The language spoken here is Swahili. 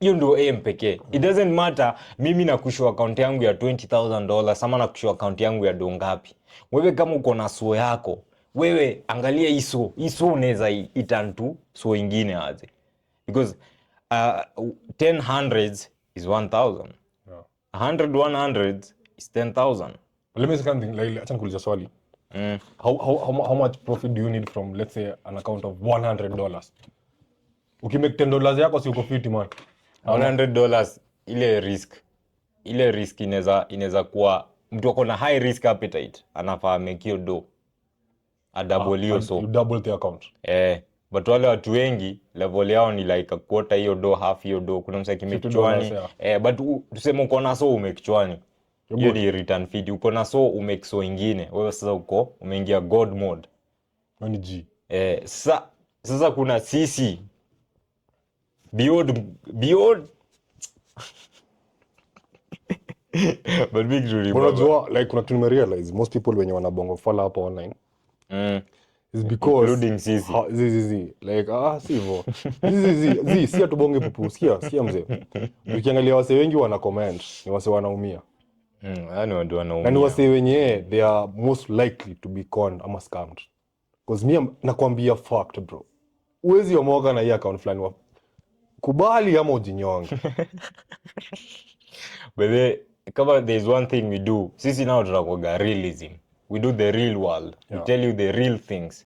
hiyo ndio aim pekee. It mm. doesn't matter mimi nakushua akaunti yangu ya $20,000 sama nakushua akaunti yangu ya do ngapi. Wewe kama uko na suo yako, wewe angalia hiso hiso unaweza itantu suo ingine aje. Because uh, 10 hundreds is 1000. Yeah. 100 100 is 10000. Let swali. Mm. How, how, how, how much profit do you need from let's say an account of $100? dollars Ukimake $10 dollars yako si uko fiti man. 100 ile risk ile risk inaweza inaweza kuwa mtu ako na high risk appetite anafaa make you do a double hiyo, ah, so you double the account eh, but wale watu wengi level yao ni like a quarter hiyo do half hiyo do. Kuna msaki kichwani eh, but tuseme uko na so umekichwani hiyo ni return feed, uko na so so ingine wewe sasa uko umeingia god mode ni g eh. Sasa sasa kuna sisi Beyond, beyond. But big jury. Unajua like kuna kitu realize most people wenye wanabongo follow up online. Mm. Is because including sisi. Ha, zi, Like ah sivyo. Zi zi zi. atubonge pupu. Sikia, sikia mzee. Ukiangalia wase wengi wana comment, ni wase wanaumia. Mm, yani watu wanaumia. Yani wase wenye they are most likely to be conned ama scammed. Cause me nakwambia fact bro. Uwezi omoka na hii account fulani kubali ama ujinyonge bebe kama there is one thing we do sisi nao tunakwaga realism we do the real world we tell you the real things